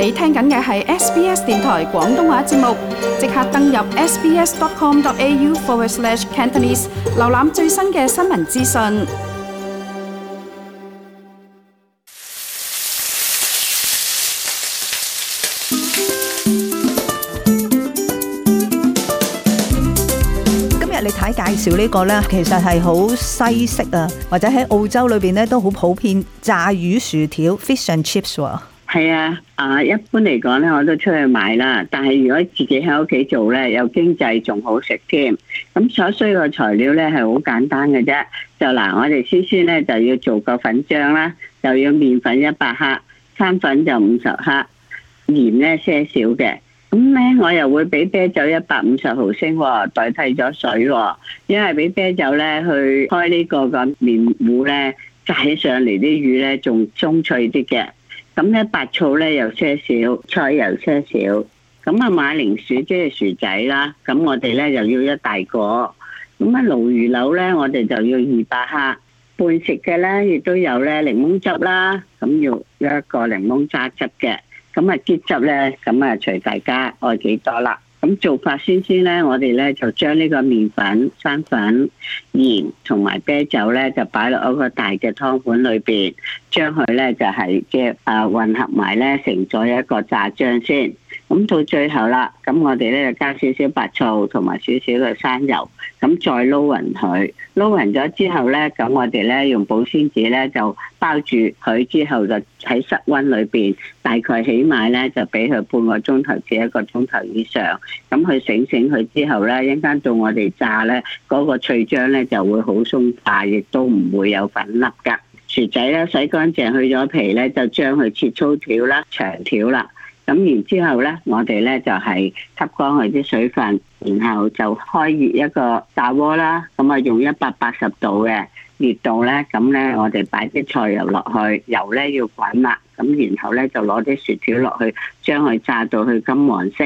你聽緊嘅係 SBS 電台廣東話節目，即刻登入 sbs.com.au/cantonese 瀏覽最新嘅新聞資訊。今日你睇介紹呢個呢，其實係好西式啊，或者喺澳洲裏邊呢都好普遍，炸魚薯條 （fish and chips） 喎。係啊，啊一般嚟講咧，我都出去買啦。但係如果自己喺屋企做咧，有經濟仲好食添。咁所需個材料咧係好簡單嘅啫。就嗱，我哋先先咧就要做個粉漿啦，就要麵粉一百克，生粉就五十克，鹽咧些少嘅。咁咧我又會俾啤酒一百五十毫升代替咗水，因為俾啤酒咧去開個麵呢個個麵糊咧，炸起上嚟啲魚咧仲鬆脆啲嘅。咁咧白醋咧有些少，菜油些少。咁啊馬鈴薯即係薯仔啦。咁我哋咧又要一大個。咁啊鱸魚柳咧，我哋就要二百克。半食嘅咧，亦都有咧檸檬汁啦。咁要一個檸檬榨汁嘅。咁啊結汁咧，咁啊隨大家愛幾多啦。咁做法先先咧，我哋咧就將呢個麵粉、生粉、鹽同埋啤酒咧，就擺落一個大嘅湯盤裏邊，將佢咧就係即係啊混合埋咧，成咗一個炸漿先。咁到最後啦，咁我哋咧就加少少白醋同埋少少嘅生油，咁再撈勻佢，撈勻咗之後咧，咁我哋咧用保鮮紙咧就包住佢，之後就喺室溫裏邊，大概起碼咧就俾佢半個鐘頭至一個鐘頭以上，咁佢醒醒佢之後咧，一間到我哋炸咧，嗰個脆漿咧就會好鬆化，亦都唔會有粉粒噶。薯仔咧洗乾淨去咗皮咧，就將佢切粗條啦，長條啦。咁然之後呢，我哋呢就係吸乾佢啲水分，然後就開熱一個炸鍋啦。咁啊，用一百八十度嘅熱度呢，咁呢我哋擺啲菜油落去，油呢要滾啦。咁然後呢，就攞啲薯條落去，將佢炸到佢金黃色，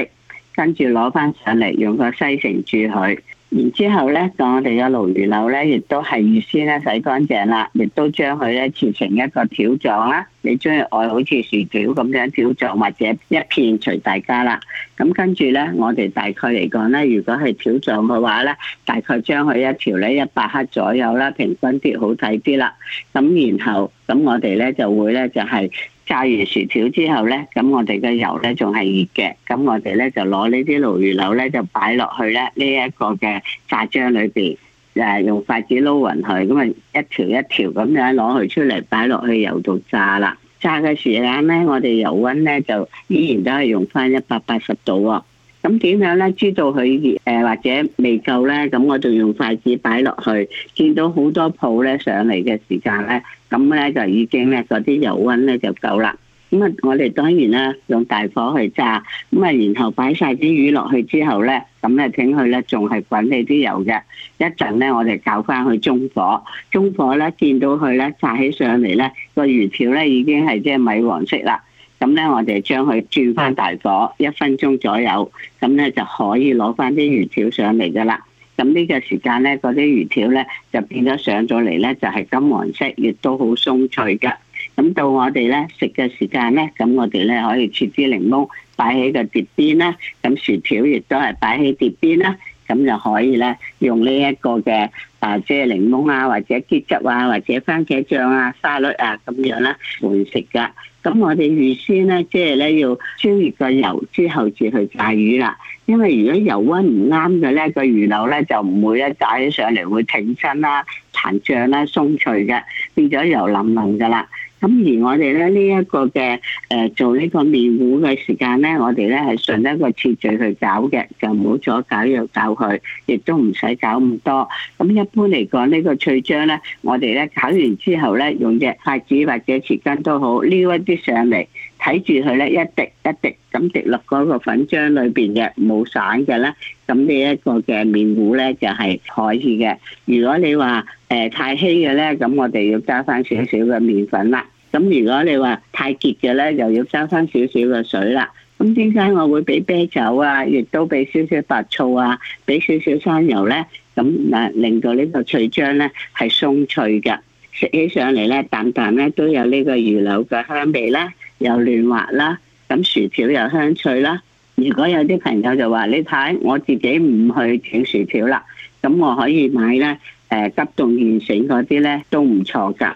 跟住攞返上嚟，用個西城煮佢。然之後咧，我哋嘅鱸魚柳咧，亦都係預先咧洗乾淨啦，亦都將佢咧切成一個條狀啦。你中意愛好似薯條咁樣條狀，或者一片隨大家啦。咁跟住咧，我哋大概嚟講咧，如果係條狀嘅話咧，大概將佢一條咧一百克左右啦，平均啲好睇啲啦。咁然後，咁我哋咧就會咧就係、是。炸完薯條之後呢，咁我哋嘅油呢仲係熱嘅，咁我哋呢就攞呢啲鱸魚柳呢就擺落去呢呢一個嘅炸漿裏邊，誒用筷子撈勻佢，咁啊一條一條咁樣攞佢出嚟，擺落去油度炸啦。炸嘅時間呢，我哋油溫呢就依然都係用翻一百八十度咁點樣咧？知道佢熱、呃、或者未夠咧？咁我就用筷子擺落去，見到好多泡咧上嚟嘅時間咧，咁咧就已經咧嗰啲油溫咧就夠啦。咁啊，我哋當然啦，用大火去炸，咁啊，然後擺晒啲魚落去之後咧，咁咧等佢咧仲係滾起啲油嘅，一陣咧我哋搞翻去中火，中火咧見到佢咧炸起上嚟咧個魚條咧已經係即係米黃色啦。咁咧，我哋將佢轉翻大火一分鐘左右，咁咧就可以攞翻啲魚條上嚟噶啦。咁呢個時間咧，嗰啲魚條咧就變咗上咗嚟咧，就係金黃色，亦都好鬆脆噶。咁到我哋咧食嘅時間咧，咁我哋咧可以切啲檸檬擺喺個碟邊啦，咁薯條亦都係擺喺碟邊啦。咁就可以咧，用呢一個嘅啊，即係檸檬啊，或者桔汁啊，或者番茄醬啊、沙律啊咁樣啦，換食噶。咁我哋預先咧，即係咧要燒熱個油之後，至去炸魚啦。因為如果油溫唔啱嘅咧，個魚柳咧就唔會咧炸起上嚟，會挺身啦、彈脹啦、鬆脆嘅，變咗油淋淋噶啦。咁而我哋咧呢一個嘅誒、呃、做呢個麵糊嘅時間咧，我哋咧係順一個次序去搞嘅，就唔好左搞又搞佢，亦都唔使搞咁多。咁一般嚟講，呢、這個脆漿咧，我哋咧搞完之後咧，用隻筷子或者匙羹都好，撩一啲上嚟，睇住佢咧一滴一滴咁滴落嗰個粉漿裏邊嘅，冇散嘅咧，咁呢一個嘅麵糊咧就係、是、可以嘅。如果你話誒、呃、太稀嘅咧，咁我哋要加翻少少嘅麵粉啦。咁如果你話太結嘅咧，又要收翻少少嘅水啦。咁點解，我會俾啤酒啊，亦都俾少少白醋啊，俾少少生油咧，咁誒令到呢個脆漿咧係鬆脆嘅，食起上嚟咧啖啖咧都有呢個魚柳嘅香味咧，又嫩滑啦，咁薯條又香脆啦。如果有啲朋友就話：呢排我自己唔去整薯條啦，咁我可以買咧誒急凍現成嗰啲咧都唔錯㗎。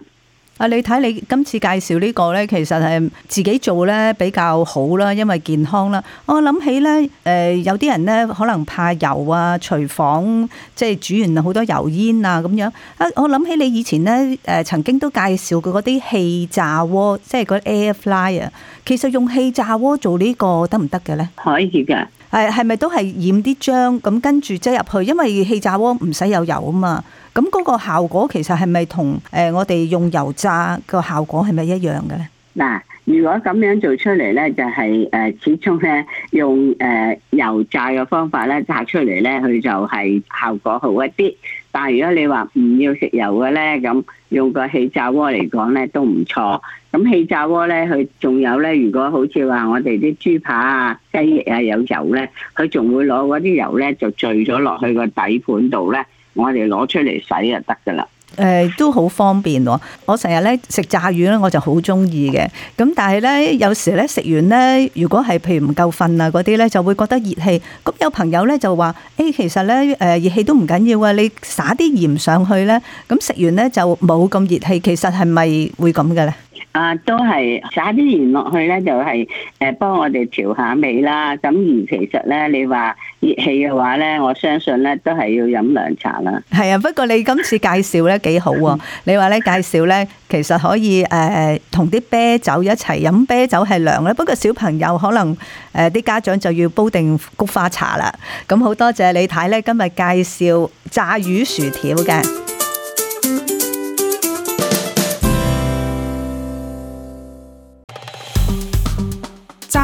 啊！你睇你今次介紹呢個呢，其實係自己做呢比較好啦，因為健康啦。我諗起呢，誒有啲人呢可能怕油啊，廚房即係煮完好多油煙啊咁樣。啊，我諗起你以前呢誒曾經都介紹過嗰啲氣炸鍋，即係嗰 Air Fryer。其實用氣炸鍋做呢個得唔得嘅呢？可以嘅，誒係咪都係染啲漿咁跟住擠入去？因為氣炸鍋唔使有油啊嘛。咁嗰個效果其實係咪同誒我哋用油炸嘅效果係咪一樣嘅咧？嗱，如果咁樣做出嚟咧，就係、是、誒始終咧用誒油炸嘅方法咧炸出嚟咧，佢就係效果好一啲。但係如果你話唔要食油嘅咧，咁用個氣炸鍋嚟講咧都唔錯。咁氣炸鍋咧，佢仲有咧，如果好似話我哋啲豬扒啊、雞翼啊有油咧，佢仲會攞嗰啲油咧就聚咗落去個底盤度咧。我哋攞出嚟洗就得㗎喇！誒，都好方便喎。我成日咧食炸魚咧，我就好中意嘅。咁但係咧，有時咧食完咧，如果係譬如唔夠瞓啊嗰啲咧，就會覺得熱氣。咁有朋友咧就話：誒，其實咧，誒熱氣都唔緊要啊。你灑啲鹽上去咧，咁食完咧就冇咁熱氣。其實係咪會咁嘅咧？啊，都係撒啲鹽落去咧，就係誒幫我哋調下味啦。咁而其實咧，你話熱氣嘅話咧，我相信咧都係要飲涼茶啦。係啊，不過你今次介紹咧幾好喎。 你話咧介紹咧，其實可以誒誒同啲啤酒一齊飲，啤酒係涼咧。不過小朋友可能誒啲，呃，家長就要煲定菊花茶啦。咁好多謝李太咧今日介紹炸魚薯條嘅。